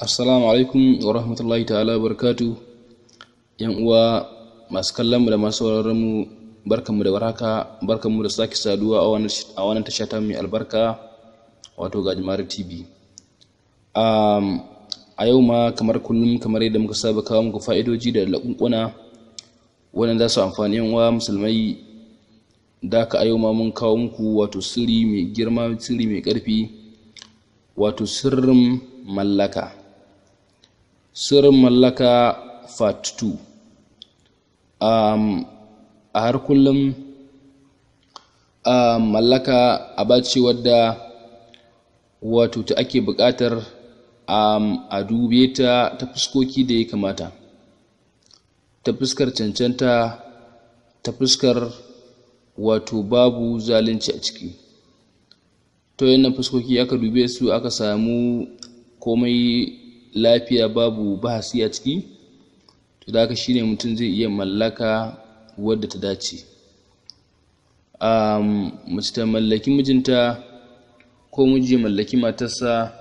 assalamu alaikum wa rahmatullahi ta'ala barkatu yan uwa masu kallon mu da masu sauraron mu barkan mu da barkan mu da sake saduwa a wannan tasha ta mai albarka wato gajimare tv a yau ma kamar kullum kamar yadda muka saba kawo muku fa'idoji da laƙunƙuna wannan za su amfani yan uwa musulmai da ka a yau ma mun kawo muku wato sirri mai girma sirri mai karfi wato sirrin mallaka sirrin mallaka part um, a har kullum uh, mallaka a ce wadda wato ta ake buƙatar um, a dube ta ta fuskoki da ya kamata ta fuskar cancanta ta fuskar wato babu zalunci a ciki to yana fuskoki aka dube su aka samu komai lafiya babu bahasi a ciki to da haka shine mutum zai iya mallaka wadda ta dace um, mace ta mallaki mijinta ko miji mallaki matarsa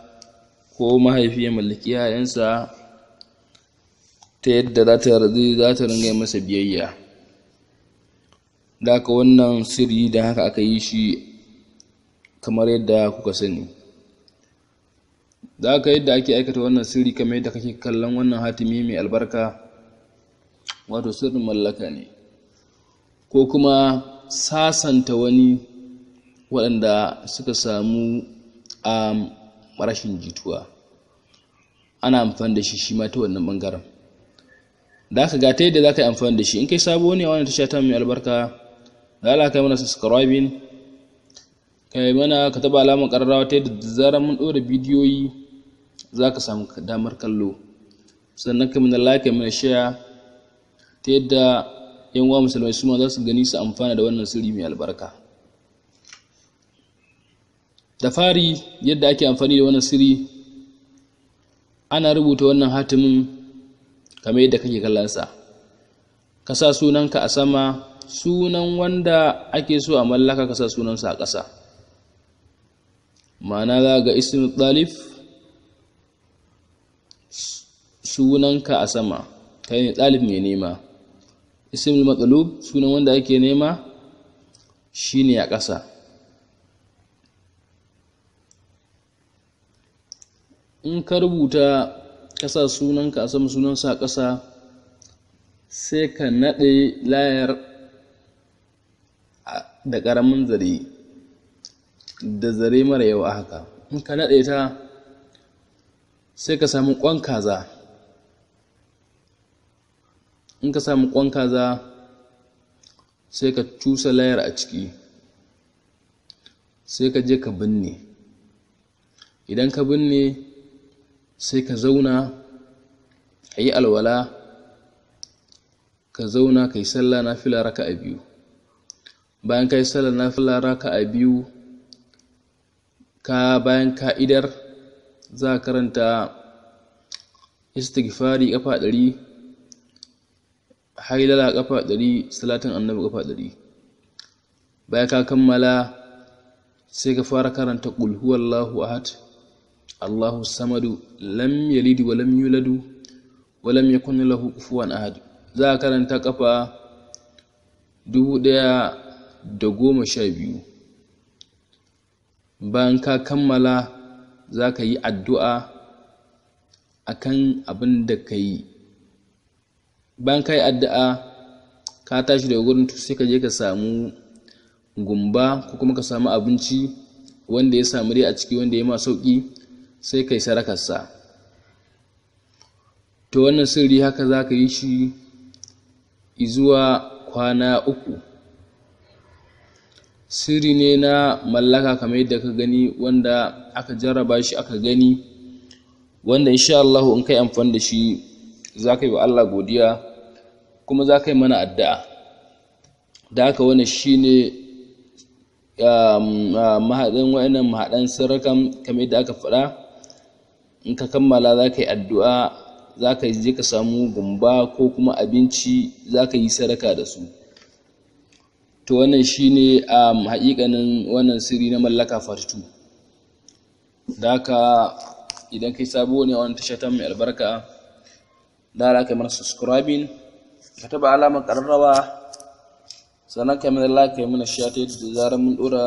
ko mahaifi ya mallaki yayansa ta yadda za ta za ta ringa masa biyayya da haka wannan sirri da haka aka yi shi kamar yadda kuka sani da haka yadda ake aikata wannan sirri kamar yadda kake kallon wannan hatimi mai albarka wato sirrin mallaka ne ko kuma sasanta wani waɗanda suka samu a um, rashin jituwa ana amfani da shi shi ma ta wannan ɓangaren da aka gata yadda za ka yi amfani da shi in kai sabo ne a wani tasha ta mai albarka da ala kai mana subscribing kai mana ka taba alamar ƙararrawa ta yadda zarar mun ɗora bidiyoyi za ka samu damar kallo sannan kamar mina like mana share ta yadda yan uwa musulmai su ma za su gani su amfana da wannan sirri mai albarka da fari yadda ake amfani da wannan sirri ana rubuta wannan hatimin kamar yadda kake kallonsa ka sa sunanka a sama sunan wanda ake so a mallaka ka sa sunansa a ƙasa ma'ana za ga ismin ɗalif sunanka a sama kai ne ɗalib mai nema ismul maqlub sunan wanda ake nema shine a ƙasa in ka rubuta ƙasa sunanka a sama sunansa a ƙasa sai ka naɗe layar da ƙaramin zare da zare mara yau a haka in ka naɗe ta sai ka samu ƙwan kaza in ka samu kwan kaza sai ka cusa layar a ciki sai ka je ka binne idan ka binne sai ka zauna a yi alwala ka zauna ka yi sallah na fila raka a biyu bayan ka yi sallah na fila raka a biyu ka bayan ka'idar za a karanta istighfari kafa ɗari hailala kafa ɗari salatin annabi kafa ɗari baya ka kammala sai ka fara karanta qul huwallahu ahad allahu samadu lam yalid wa lam yulad wa lam yakun lahu kufuwan ahad za ka karanta kafa dubu ɗaya da goma sha biyu bayan ka kammala za ka yi addu'a akan abin da ka yi Ban kai addu'a ka tashi daga gurin to sai ka je ka samu gumba ko kuma ka samu abinci wanda ya samu dai a ciki wanda ya ma sauki sai kai sarakarsa to wannan sirri haka za ka yi shi izuwa kwana uku sirri ne na mallaka kamar yadda ka gani wanda aka jarraba shi aka gani wanda insha Allah in kai amfani da shi za ka yi wa Allah godiya kuma za ka yi mana addu'a da aka wani shi ne um, uh, mahaɗin wa’inan mahaɗan sirrakan kamar yadda aka faɗa in ka kammala za ka yi addu'a za ka je ka samu gumba ko kuma abinci za ka yi sadaka da su to wannan shi ne um, haƙiƙanin wannan sirri na mallaka fartu da aka idan kai sabo ne wani tasha ta mai albarka da yi mana subscribing ka taba alamar kararrawa sannan mai Allah ka yi mana sha ta yadda zarar mun dora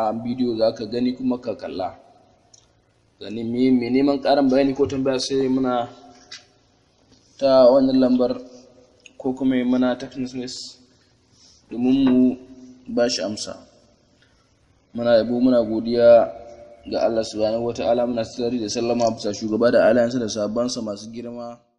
a bidiyo za ka gani kuma ka kalla gani mai neman karin bayani ko tambaya sai muna ta wannan lambar ko kuma yi mana ta kinsmas domin mu ba shi amsa muna yabo muna godiya ga Allah subhanahu wata'ala muna sirri da sallama bisa shugaba da alayansa da sabansa masu girma